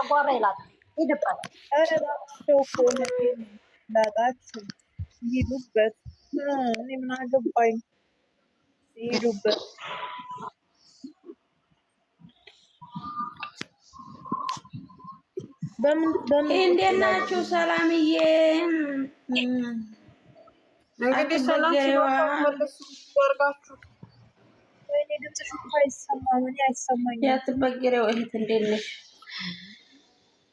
አጓራ ይላታል። ሄድበት ላላት ይሄዱበት እኔ ምን አገባኝ ይሄዱበት እንዴት ናችሁ? ሰላምዬ እንግዲህ ሰላም ሲወርጋችሁ አይሰማም። እኔ አይሰማኝም። ያትበግሬው እህት እንዴት ነሽ?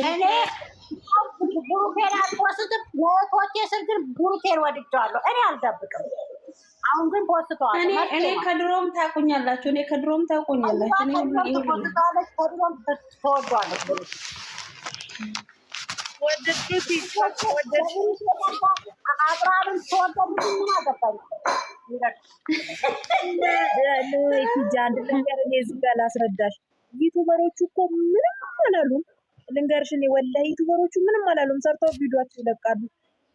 እኔ ብሩኬን አልፖስትም። ፎቴ ስር ብሩኬን ወድጀዋለሁ። እኔ አልደብቅም። አሁን ግን ፖስተዋል። እኔ ከድሮም ታውቁኛላችሁ። እኔ ከድሮም ታውቁኛላችሁ። ከድሮም ተወዷለች አንድ ነገር እኔ እዚህ ጋር ላስረዳሽ ዩቱበሮቹ እኮ ምንም አላሉም ልንገርሽን እኔ ወላሂ ዩቱበሮቹ ምንም አላሉም፣ ሰርተው ቪዲዮቸው ይለቃሉ።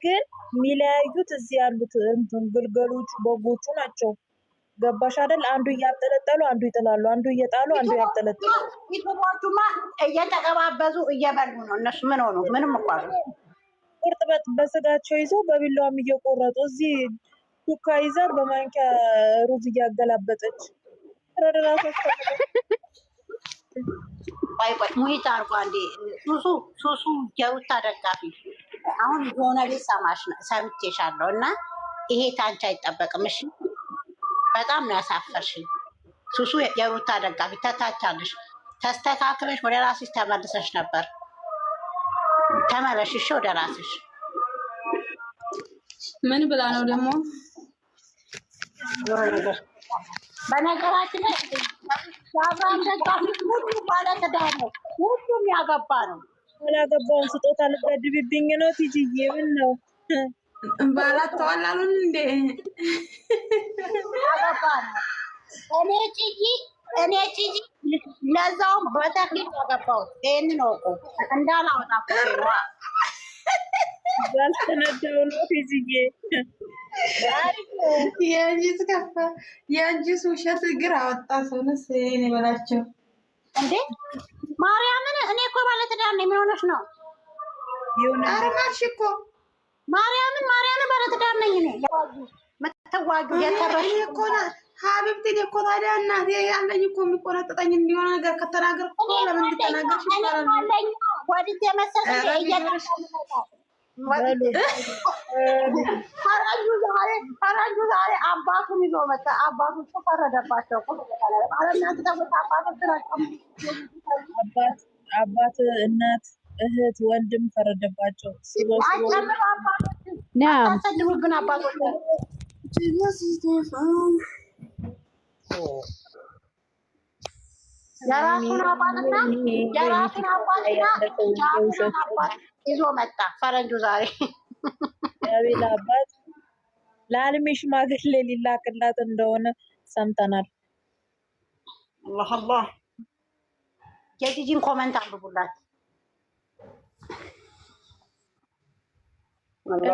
ግን የሚለያዩት እዚህ ያሉት ግልገሎቹ በጎቹ ናቸው። ገባሽ አይደል? አንዱ እያጠለጠሉ አንዱ ይጥላሉ፣ አንዱ እየጣሉ አንዱ ያጠለጥሉ። ዩቱቦቹማ እየተቀባበዙ እየበሉ ነው። እነሱ ምን ሆኑ? ምንም እኳሉ አሉ። ቁርጥበት በስጋቸው ይዘው በቢላዋም እየቆረጡ እዚህ ዱካ ይዛ በማንኪያ ሩዝ እያገላበጠች ረደራሶች ቆይ ቆይ ሙሂት አርጎ አንዴ ሱሱ ሱሱ ጀውታ ደጋፊ አሁን የሆነ ቤት ሰማሽ ሰምቼሻለሁ፣ እና ይሄ ታንቺ አይጠበቅም። እሺ በጣም ነው ያሳፈርሽኝ። ሱሱ የሩታ ደጋፊ ተታቻለሽ። ተስተካክለሽ ወደ ራስሽ ተመልሰሽ ነበር። ተመለሽሽ ወደ ራስሽ። ምን ብላ ነው ደግሞ በነገራችን ላይ የአብርሃም ደጋፊ ሁሉ ባለትዳር ነው። ሁሉም ያገባ ነው። ያላገባውን ስጦታ ልትገድብብኝ ነው ትጂዬ? ምን ነው ባላት እንዴ? ያገባ ነው። እኔ ጭጂ እኔ ጭጂ ለዛውም በተክሊል ያገባሁት ይህንን እወቁ እንዳላወጣ ባልተነዳው ነው ፊዝዬ የአንጂስ ከፋ የአንጂስ ውሸት እግር አወጣ። ሰውነስ እኔ በላቸው እንዴ ማርያምን፣ እኔ እኮ ባለትዳር ነው። ምን ሆነሽ ነው? ኧረ ማርሽ እኮ ማርያምን፣ ማርያምን ባለትዳር ነኝ እኔ። መተዋጁ የተረሽ እኮ ሀቢብቲ እኔ እኮ ታዲያ እናቴ አለኝ እኮ የሚቆነጠጠኝ እንዲሆነ ነገር ከተናገርኩ ለምን ትናገር ይባላል ወዲህ የመሰለሽ ፈረንጁ ዛሬ አባቱን ይዞ መጣ። አባቱ እኮ ፈረደባቸው። አባት፣ እናት፣ እህት፣ ወንድም ፈረደባቸው። አባቶች የራሱን አባትና የራሱን አባትና የራሱን አባት ይዞ መጣ ፈረንጁ። ዛሬ የአቤል አባት ለአልሜ ሽማግሌ ሊላክላት እንደሆነ ሰምተናል። አላህ አላህ። የጂጂን ኮመንት አንብቡላት።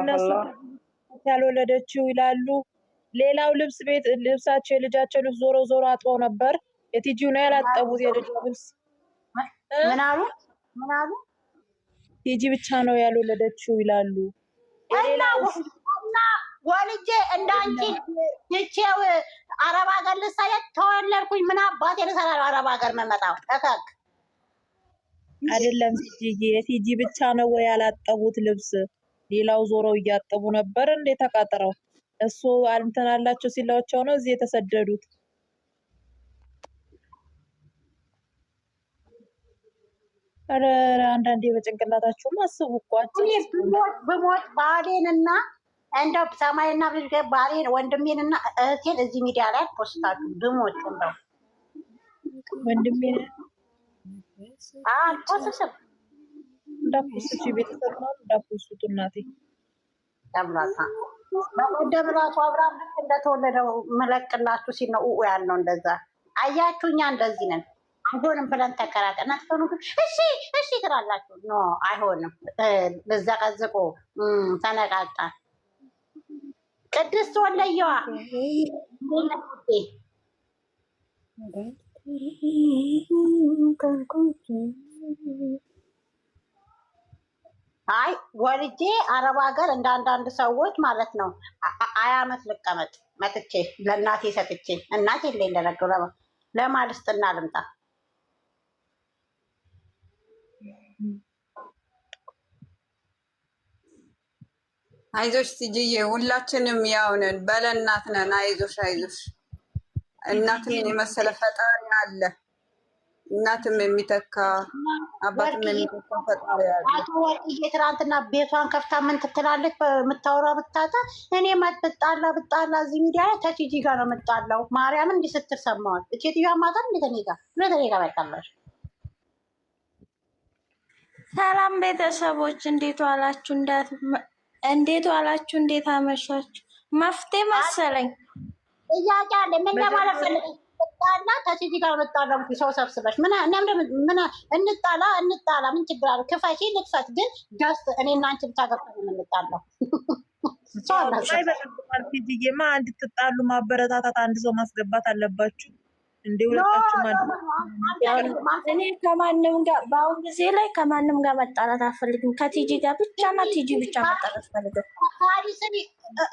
እነሱ ያልወለደችው ይላሉ። ሌላው ልብስ ቤት ልብሳቸው የልጃቸው ልብስ ዞሮ ዞሮ አጥበው ነበር የቲጂ ነው ያላጠቡት የልጇ ልብስ ምናሉ አሉ ቲጂ ብቻ ነው ያልወለደችው ይላሉ። እና ወልጄ እንዳንቺ ይቼው አረብ ሀገር ልሰየት ተወለድኩኝ። ምን አባቴ ልሰራ ነው አረብ ሀገር መመጣው? ተከክ አይደለም ቲጂ የቲጂ ብቻ ነው ወይ ያላጠቡት ልብስ? ሌላው ዞረው እያጠቡ ነበር እንዴ ተቃጥረው። እሱ እንትን አላቸው ሲላቸው ነው እዚህ የተሰደዱት አንዳንዴ በጭንቅላታችሁም አስቡ እኮ ብሞት ባሌን እና እንደው ሰማይና ብልገ ባሌን ወንድሜን እና እህቴን እዚህ ሚዲያ ላይ ፖስታሉ ብሞት እንደው ወንድሜን አልፖስስም እንዳፖስቱ ቤተሰብ ነው እንዳፖስቱ እናቴ ጠብላታ በቀደም ራሱ አብራም ልክ እንደተወለደው መለቅላችሁ ሲነው ያለው እንደዛ አያችሁኛ እንደዚህ ነን አይሆንም ብለን ተከራጠና ትሆኑ እሺ እሺ ትላላችሁ። ኖ አይሆንም ብዘቀዝቁ ተነቃቃ ቅድስት ወለየዋ አይ ወልጄ አረብ ሀገር እንደ አንዳንድ ሰዎች ማለት ነው። አያመት ልቀመጥ መጥቼ ለእናቴ ሰጥቼ እናቴ ላይ ለነገ ለማልስጥና ልምጣ አይዞሽ ትጅዬ፣ ሁላችንም ያው ነን፣ በለእናት ነን። አይዞሽ አይዞሽ፣ እናትን የመሰለ ፈጣሪ አለ። እናትም የሚተካ አባትም የሚተካ ፈጣሪ አለ። አቶ ወርቅዬ ትናንትና ቤቷን ከፍታ ምን ትትላለች? የምታወራ ብታታ እኔ ብጣላ ብጣላ እዚህ ሚዲያ ላይ ተቺጂ ጋር ነው የምጣላው። ማርያም እንዲ ስትል ሰማዋል። እቼትያ ማጣም እንደተኔጋ እንደተኔጋ ባይጣላሽ ሰላም ቤተሰቦች እንዴት ዋላችሁ? እንዳት እንዴት ዋላችሁ? እንዴት አመሻችሁ? መፍትሄ መሰለኝ ጥያቄ አለ። ምን ለማለት ፈልገሽ? ጣላ ከሲቲ ጋር መጣላ ሰው ሰብስበሽ ምን ምን እንጣላ እንጣላ ምን ችግር አለ? ክፈሽ ልክፈት፣ ግን ጀስት እኔ እና አንቺ ብቻ ገብተን የምንጣላው ሰው አላችሁ። አንድ ትጣሉ ማበረታታት አንድ ሰው ማስገባት አለባችሁ። እንደ እኔ ከማንም ጋር በአሁን ጊዜ ላይ ከማንም ጋር መጣላት አልፈልግም። ከቲጂ ጋር ብቻ ቲጂ ብቻ መጣላት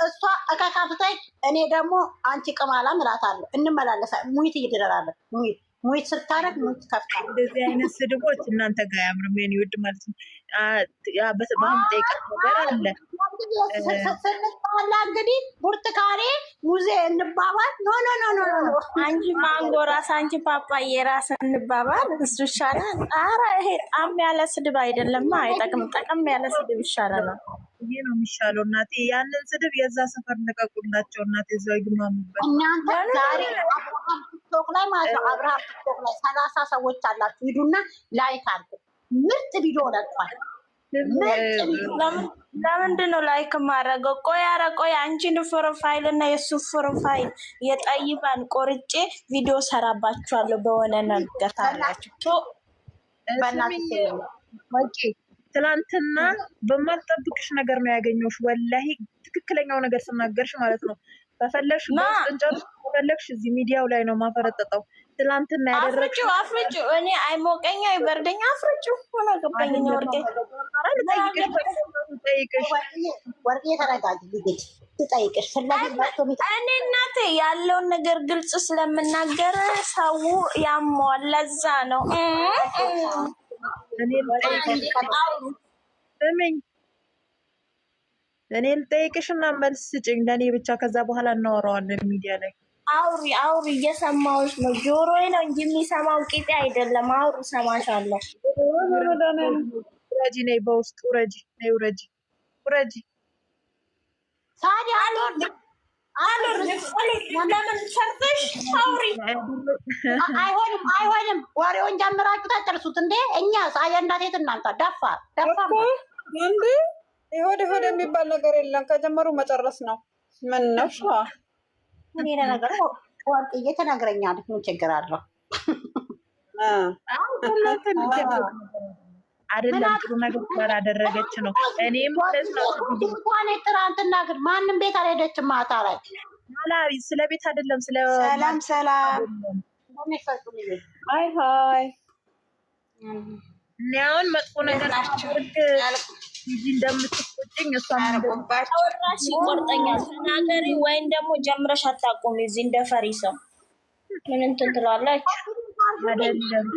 እሷ እኔ ደግሞ አንቺ ሙይት እየደረራለን ሙይት ሙይት ስታረግ ሙይት ከፍታ እንደዚህ አይነት ስድቦች እናንተ ጋር ያምርም። ኔ ውድ ማለት ነው። በጣም ጠይቀ ነገር አለ ስንጣላ እንግዲህ ብርቱካኔ ሙዜ እንባባል። ኖ ኖ ኖ ኖ ኖ አንቺ ማንጎ ራስ አንቺ ፓፓዬ ራስ እንባባል። እሱ ይሻላል። ኧረ ይሄ ጣም ያለ ስድብ አይደለም፣ አይጠቅም። ጠቅም ያለ ስድብ ይሻላል። ይሄ ነው የሚሻለው። እናቴ ያንን ስድብ የዛ ሰፈር ልቀቁላቸው እናቴ እዛው ይግማሙበት እናንተ ዛሬ ቲክቶክ ላይ ማለት ነው አብርሃም ቲክቶክ ላይ ሰላሳ ሰዎች አላችሁ፣ ሂዱና ላይክ አድርጉ። ምርጥ ቪዲዮ ለቋል። ለምንድን ነው ላይክ ማድረገው? ቆይ ኧረ ቆይ አንቺን ፕሮፋይል እና የእሱ ፕሮፋይል የጠይባን ቆርጬ ቪዲዮ ሰራባችኋለሁ። በሆነ ነገር ታላችሁ። ትላንትና በማልጠብቅሽ ነገር ነው ያገኘሁሽ። ወላሂ ትክክለኛው ነገር ስናገርሽ ማለት ነው በፈለሽ ከፈለግሽ እዚህ ሚዲያው ላይ ነው ማፈረጠጠው። ትላንትና ያደረግሽው አፍርጩ እኔ አይሞቀኝ አይበርደኝ አፍርጩ ሆነ ገባኝ ነው ወርቄ ወርቄ ተረጋጊ ልጅ ትጠይቅሽ እኔ እናቴ ያለውን ነገር ግልጽ ስለምናገር ሰው ያሟል። ለዛ ነው ስሚኝ፣ እኔ ልጠይቅሽ እና መልስ ስጭኝ ለእኔ ብቻ። ከዛ በኋላ እናወራዋለን ሚዲያ ላይ አውሪ አውሪ፣ እየሰማሁሽ ነው። ጆሮዬ ነው እንጂ የሚሰማው ቂጤ አይደለም። አውሪ፣ እሰማሻለሁ። ውረጂ፣ ነይ በውስጥ ውረጂ፣ ነይ ውረጂ፣ ውረጂ። ታዲያ አሉር አልወርድም። ለምን ሰርተሽ አውሪ። አይሆንም፣ አይሆንም። ወሬውን ጀምራችሁ ታጨርሱት እንዴ? እኛ አየንዳቴት እናንተ ደፋ ደፋ እንዴ? ይሆድ ሆድ የሚባል ነገር የለም። ከጀመሩ መጨረስ ነው። ምን ነው እኔ ለነገሩ ወርቅዬ ተናግረኛለች። ምን ችግር አለው? አይደለም ጥሩ ነገር ስላላደረገች ነው። እኔም ትናንትና ግን ማንም ቤት አልሄደችም። ማታ ላይ ስለ ቤት አይደለም ስለ ሰላም ሰላም ሀይ ሀይ እኔ አሁን መጥፎ ነገር እንጂ እንደምትቆጭኝ እሷም አወራሽ ይቆርጠኛል። ተናገሪ ወይም ደግሞ ጀምረሽ አታቁሚ። እዚህ እንደፈሪ ሰው ምን እንትን ትላለች።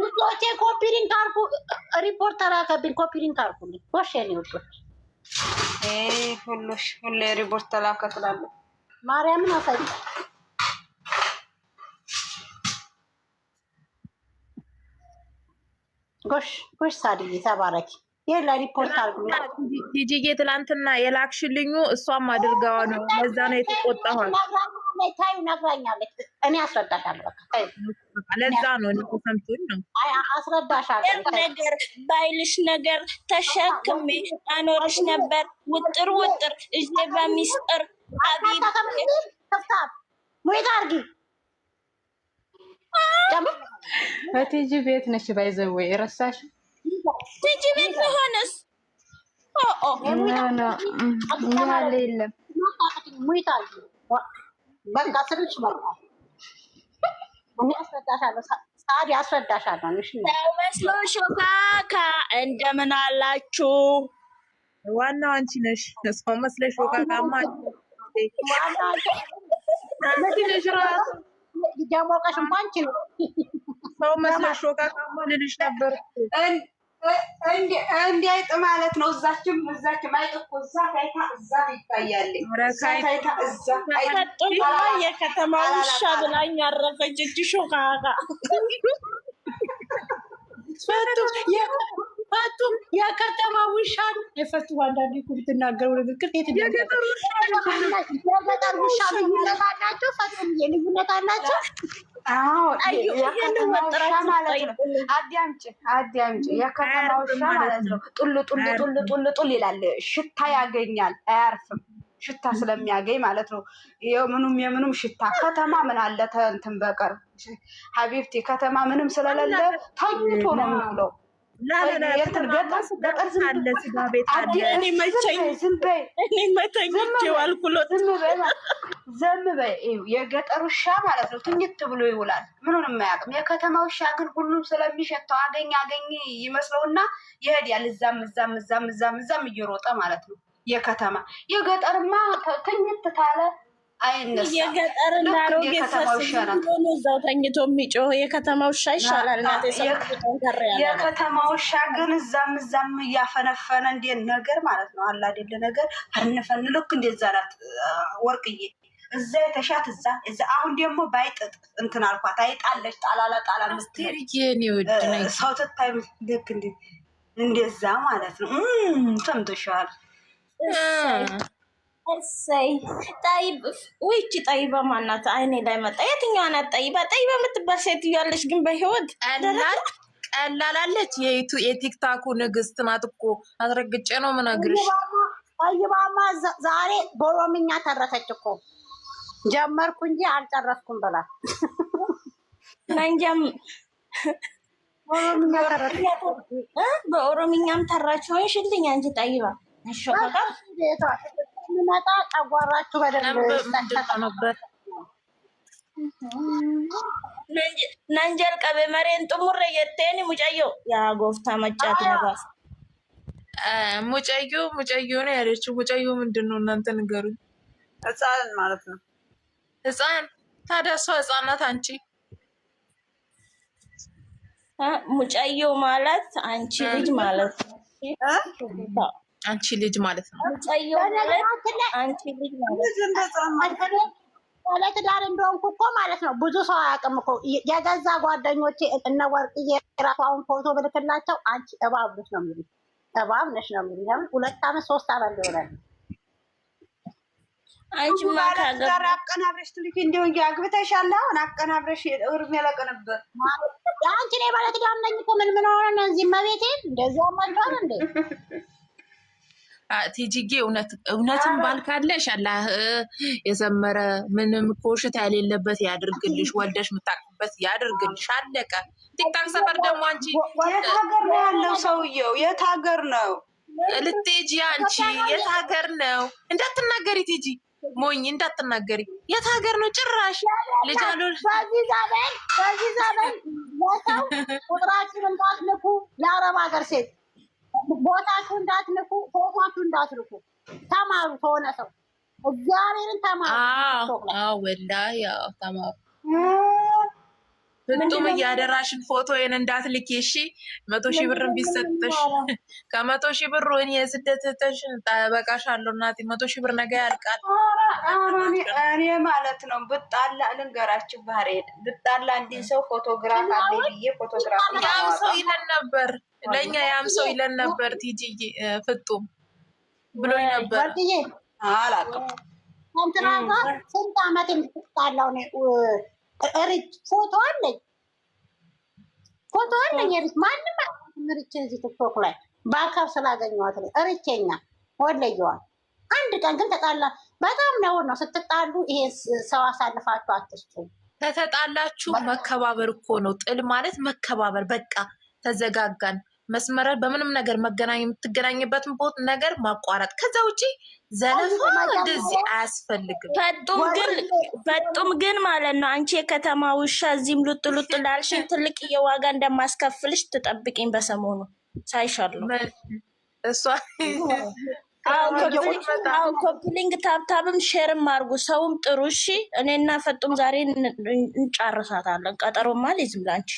ውዶቼ ኮፒሪንግ አርጉ። ሪፖርት ተላከብኝ። ኮፒሪንግ አርጉልኝ። ጎሽ ያኔ ውዶች ሁሎሽ ሁሌ ሪፖርት ተላከ ማርያምን አሳይ ጎሽ ጎሽ፣ ሳድዬ ተባረኪ። የለ ሪፖርት ትላንትና የላክሽልኙ እሷም አድርገዋ ነው። ለዛ ነው የተቆጣኋል። ታዩ ነግራኛለች። እኔ አስረዳሻለሁ። ለዛ ነው እኔ ነው አስረዳሻለሁ። ነገር ባይልሽ ነገር ተሸክሜ አኖርሽ ነበር ውጥር ውጥር እዤ በሚስጥር ሙይታ አርጊ እቴጂ ቤት ነሽ ረሳሽ ቲጂ ቤት ከሆነስ እንደምን አላችሁ? ዋናው አንቺ ነሽ። እሷ መስለሽ ካካማ ደሞቀሽ እንኳን ሰው መስለሽ ካካማ ልልሽ ነበር። እንደ አይጥ ማለት ነው። እዛችም እዛችም አይጥ እኮ እዛ ታይታ እዛ ይታያልኝ ታይታ እዛ አይጥማ የከተማ ውሻ ብላኝ አረፈች። እጅ ሾቃቃ ፈቱም የከተማ ውሻን የፈቱ አንዳንድ እኮ ብትናገሩ ንግግር የገጠር ውሻ ልዩነት አላቸው። ፈቱም የልዩነት አላቸው አዳምጪ አዳምጪ። የከተማ ውሻ ማለት ነው። ጡል ጡል ጡል ጡል ጡል ይላል። ሽታ ያገኛል፣ አያርፍም። ሽታ ስለሚያገኝ ማለት ነው። የምኑም የምኑም ሽታ ከተማ ምን አለ እንትን በቀር ሀቢብቲ ከተማ ምንም ስለሌለ ተኝቶ ነው የሚውለው። ዝም በይ ዘም በይ። የገጠር ውሻ ማለት ነው ትኝት ብሎ ይውላል፣ ምኑንም አያውቅም። የከተማ ውሻ ግን ሁሉም ስለሚሸተው አገኝ አገኝ ይመስለውና ይሄዳል፣ እዛም እዛም እዛም እዛም እዛም እየሮጠ ማለት ነው። የከተማ የገጠርማ ትኝት ታለ አይነሳ። የገጠር እና ሮጌ እዛው ተኝቶ የሚጮህ የከተማ ውሻ ይሻላል። የከተማ ውሻ ግን እዛም እዛም እያፈነፈነ እንዴት ነገር ማለት ነው አላደለ ነገር ፈንፈን ልክ እንደዛ ናት ወርቅዬ እዛ የተሻት እዛ እዛ አሁን ደግሞ ባይጥጥ እንትን አልኳት አይጣለች ጣላላ ጣላ ሰው ትታይ ልክ እንደ እንደዛ ማለት ነው። ሰምተሻል? እሰይ ጠይብ ውይቺ ጠይባ ማናት? አይኔ ላይ መጣ። የትኛዋ ናት ጠይባ? ጠይባ የምትባል ሴት እያለች ግን በህይወት ቀላላለች። የቱ የቲክታኩ ንግስት ናት እኮ አስረግጬ ነው ምነግርሽ። ጠይባማ ዛሬ በኦሮምኛ ተረፈች እኮ ጀመርኩ እንጂ አልጨረስኩም ብላ መንጀም በኦሮምኛም ተራች ሆንሽልኝ አንቺ ጠይባ መጣ ጠጓራችሁ በደንብ ነንጀል ቀቤ መሬን ጥሙር የቴን ሙጨዮ ያ ጎፍታ መጫት ነባስ ሙጨዮ ሙጨዮ ነው ያለችው። ሙጨዮ ምንድን ነው እናንተ ንገሩኝ። ህፃን ማለት ነው። ህፃን ታዲያ እሷ ህፃናት አንቺ ሙጫየው ማለት አንቺ ልጅ ማለት ነው። አንቺ ልጅ ማለት ነው። ሙጫየው ማለት አንቺ ልጅ ማለት ነው። ባለትዳር እንደሆንኩ እኮ ማለት ነው። ብዙ ሰው አያውቅም እኮ የገዛ ጓደኞቼ እነ ወርቅዬ የራሷን ፎቶ ብልክላቸው አንቺ እባብ ነሽ ነው የሚሉኝ። እባብ ነሽ ነው የሚሉኝ። ሁለት አመት ሶስት አመት ሊሆናል አንቺማ ጋር አቀናብረሽ ትልኪ እንዲሁ አግብተሻል። አሁን አቀናብረሽ እርም ያለቀንበት አንቺ ላይ ባለትዳር ነኝ እኮ ምን ምን ሆነ እዚህ መቤቴን እንደዚያ ማድረግ እንዴ ቲጂጌ እውነትም ባልካለሽ አላህ የሰመረ ምንም ኮሽት የሌለበት ያድርግልሽ፣ ወልደሽ የምታቅበት ያድርግልሽ። አለቀ። ቲክታክ ሰፈር ደግሞ አንቺ የት ሀገር ነው ያለው ሰውየው? የት ሀገር ነው ልትሄጂ አንቺ? የት ሀገር ነው እንዳትናገሪ ቲጂ ሞኝ እንዳትናገሪ። የት ሀገር ነው ጭራሽ ልጅ አሉ። በዚህ ዘመን በዚህ ዘመን ቦታው ቁጥራችን እንዳትልኩ፣ የአረብ ሀገር ሴት ቦታችሁ እንዳትልኩ፣ ፎቷችሁ እንዳትልኩ። ተማሩ፣ ከሆነ ሰው እግዚአብሔርን ተማሩ። ወላ ተማሩ ፍጹም እያደራሽን እንዳት እንዳትልኪ እሺ። መቶ ሺህ ብር ቢሰጥሽ ከመቶ ሺህ ብር ወይ የስደት ተሽን ጠበቃሻለሁ እናቴ። መቶ ሺህ ብር ነገ ያልቃል። እኔ ማለት ነው ብጣላ ልንገራችሁ፣ ባህሬ ብጣላ እንዲህ ሰው ፎቶግራፍ አለ ብዬ ፎቶግራፍ ያም ሰው ይለን ነበር፣ ለእኛ ያም ሰው ይለን ነበር። ቲጂ ፍጡም ብሎኝ ነበር አላውቅም። ትናንትና ስንት አመት የምትጣላው ሪች ፎቶ አለኝ፣ ፎቶ አለኝ። ሪች ማንም ሪች እዚህ ቲክቶክ ላይ በአካብ ስላገኘዋት ላይ ሪቼኛ ወለየዋል። አንድ ቀን ግን ተጣላ። በጣም ነው ነው ስትጣሉ፣ ይሄ ሰው አሳልፋችሁ አትስጡ። ተተጣላችሁ መከባበር እኮ ነው። ጥል ማለት መከባበር በቃ ተዘጋጋን መስመራል በምንም ነገር መገናኝ የምትገናኝበትን ቦት ነገር ማቋረጥ። ከዛ ውጭ ዘለፋ እንደዚህ አያስፈልግም። ፈጡም ግን ማለት ነው አንቺ የከተማ ውሻ እዚህም ሉጥ ሉጥ ላልሽን ትልቅ የዋጋ እንደማስከፍልሽ ትጠብቂኝ። በሰሞኑ ሳይሻሉ እሷ ኮፕሊንግ ታብታብም ሼርም አርጉ፣ ሰውም ጥሩ። እሺ እኔና ፈጡም ዛሬ እንጫርሳታለን። ቀጠሮማ ሊዝም ላንቺ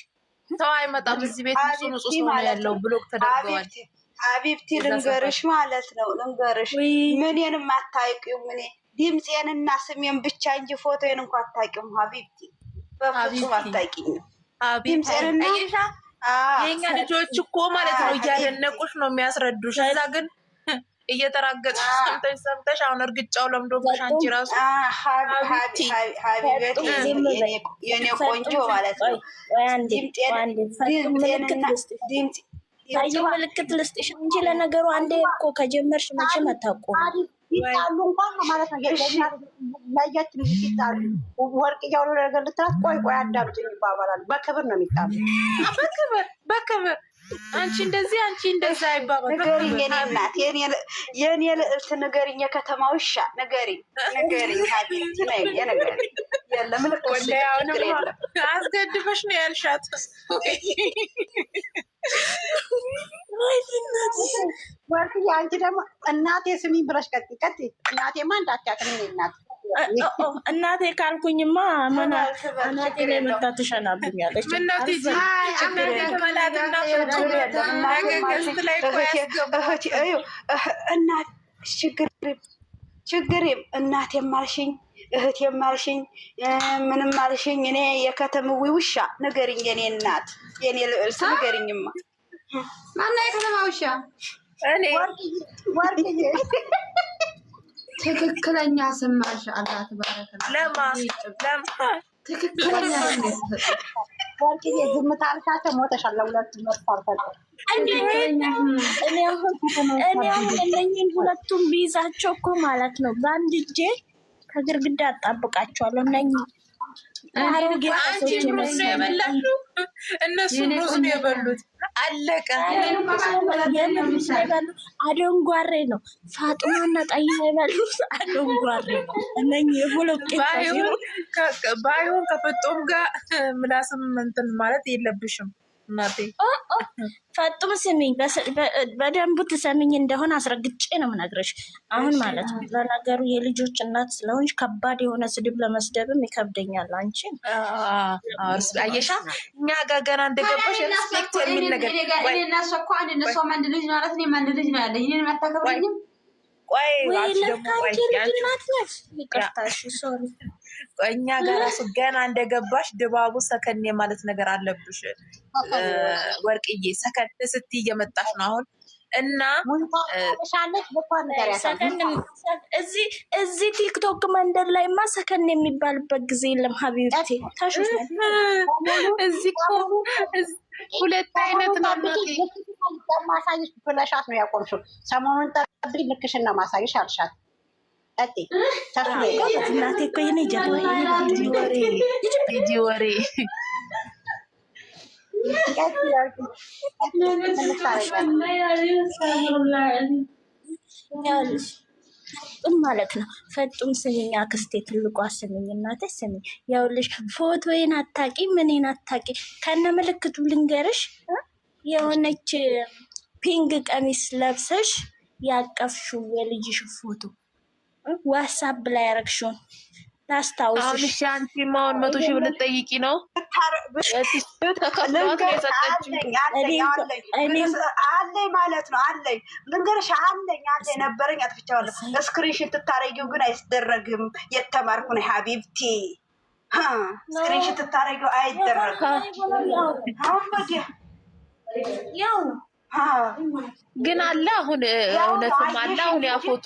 ተው አይመጣም። እዚህ ቤት ንጹህ ንጹህ ነው ያለው ብሎክ ተደርገዋል። ሀቢብቲ ልንገርሽ ማለት ነው ልንገርሽ፣ ምንን አታውቂውም። እኔ ድምፄንና ስሜን ብቻ እንጂ ፎቶዬን እንኳ አታውቂውም። ሀቢብቲ በፍጹም አታውቂኝም። ድምፄንና የኛ ልጆች እኮ ማለት ነው እያደነቁሽ ነው የሚያስረዱሽ እዛ ግን እየተራገጠ ሰምተሽ ሰምተሽ አሁን እርግጫው ለምዶብሽ አንቺ ራሱ የኔ ቆንጆ ማለት ነው። ምልክት ልስጥሽ እንጂ ለነገሩ አንዴ እኮ ከጀመርሽ መቼም አታቆም። ይጣሉ እንኳን ማለት ነገር ለየት ይጣሉ። ወርቅ እያሉ ነገር ልትላት ቆይ ቆይ አዳምጪኝ ይባባላሉ። በክብር ነው የሚጣሉ በክብር በክብር አንቺ እንደዚህ አንቺ እንደዛ አይባባል። ንገሪኝ የኔ እናት የኔ ልዕልት ንገሪኝ፣ የከተማው ውሻ ንገሪኝ፣ ንገሪኝ ሀቢብቲ ነይ ንገሪኝ። የለም አስገድፈሽ ነው ያልሻት። ወርቅዬ አንቺ ደግሞ እናቴ ስሚኝ ብለሽ ቀጥ ቀጥ እናቴማ እንዳትያት ነው እናት እናቴ ካልኩኝማ እናቴ ላይ መታ ትሸናብኛለች። ችግሬም እናቴ ማልሽኝ እህት የማልሽኝ ምንም ማልሽኝ። እኔ የከተማዊ ውሻ ንገርኝ፣ የኔ እናት የኔ ልዕልስ ንገርኝማ። ማና የከተማ ውሻ ወርቅዬ ትክክለኛ ስም ማሻአላህ ተባረከ። ለማ ለማ ትክክለኛ እነኝን ሁለቱም ቢይዛቸው እኮ ማለት ነው በአንድ እጄ ከግርግዳ አጣብቃቸዋለሁ እነኝን አንቺ ሩዝ ነው የበላሽው፣ እነሱ ሩዝ ነው የበሉት። አለቀ። አደንጓሬ ነው የበሉት አደንጓሬ ነው። እነ ባይሆን ከፍጦም ጋር ምላስም እንትን ማለት የለብሽም። ፈጡም ስሚኝ፣ በደንቡ ትሰሚኝ እንደሆነ አስረግጬ ነው የምነግርሽ። አሁን ማለት ነው ለነገሩ የልጆች እናት ስለሆንሽ ከባድ የሆነ ስድብ ለመስደብም ይከብደኛል። አንቺ አየሻ፣ እኛ ጋር ገና እንደገባሽ ሪስፔክት የሚል ነገር እና እሷ እኮ አንድ እነሱ አንድ ልጅ ማለት እኔም አንድ ልጅ ነው ያለ ይህንን አታከብረኝም ወይ? ለካ ልጅ እናት ነሽ። ይቅርታሽ ሶሪ እኛ ጋር ራሱ ገና እንደገባሽ ድባቡ ሰከን ማለት ነገር አለብሽ ወርቅዬ። ሰከን ስትይ እየመጣሽ ነው አሁን እና እዚህ ቲክቶክ መንደር ላይማ ሰከን የሚባልበት ጊዜ የለም። ሀቢብቴ እዚህ ሁለት አይነት ነው ማሳየሽ ብለሻት ነው ያቆምሽው። ሰሞኑን ጠብቂ ልክሽና ማሳየሽ አልሻት ጠጤ ታፍኖ እኮ የኔ ጀግና ወሬ ፈጡን ማለት ነው። ፈጡም ስሚኝ፣ አክስቴ ትልቋ ስሚኝ፣ እናቴ ስሚኝ። ይኸውልሽ ፎቶዬን አታቂ ምኔን አታቂ ከነ ምልክቱ ልንገርሽ። የሆነች ፒንግ ቀሚስ ለብሰሽ ያቀፍሽው የልጅሽ ፎቶ ዋትሳፕ ላይ ያረግሽውን ላስታውስሽ። አንቺ መቶ ሺህ ነው። አለኝ ማለት ነው። አለኝ ልንገርሽ፣ አለኝ አለኝ ነበረኝ፣ ግን አይደረግም። የተማርኩ ነው ሀቢብቲ እስክሪንሽን ትታረጊው አይደረግም። ግን አለ አሁን እውነትም አለ አሁን ያ ፎቶ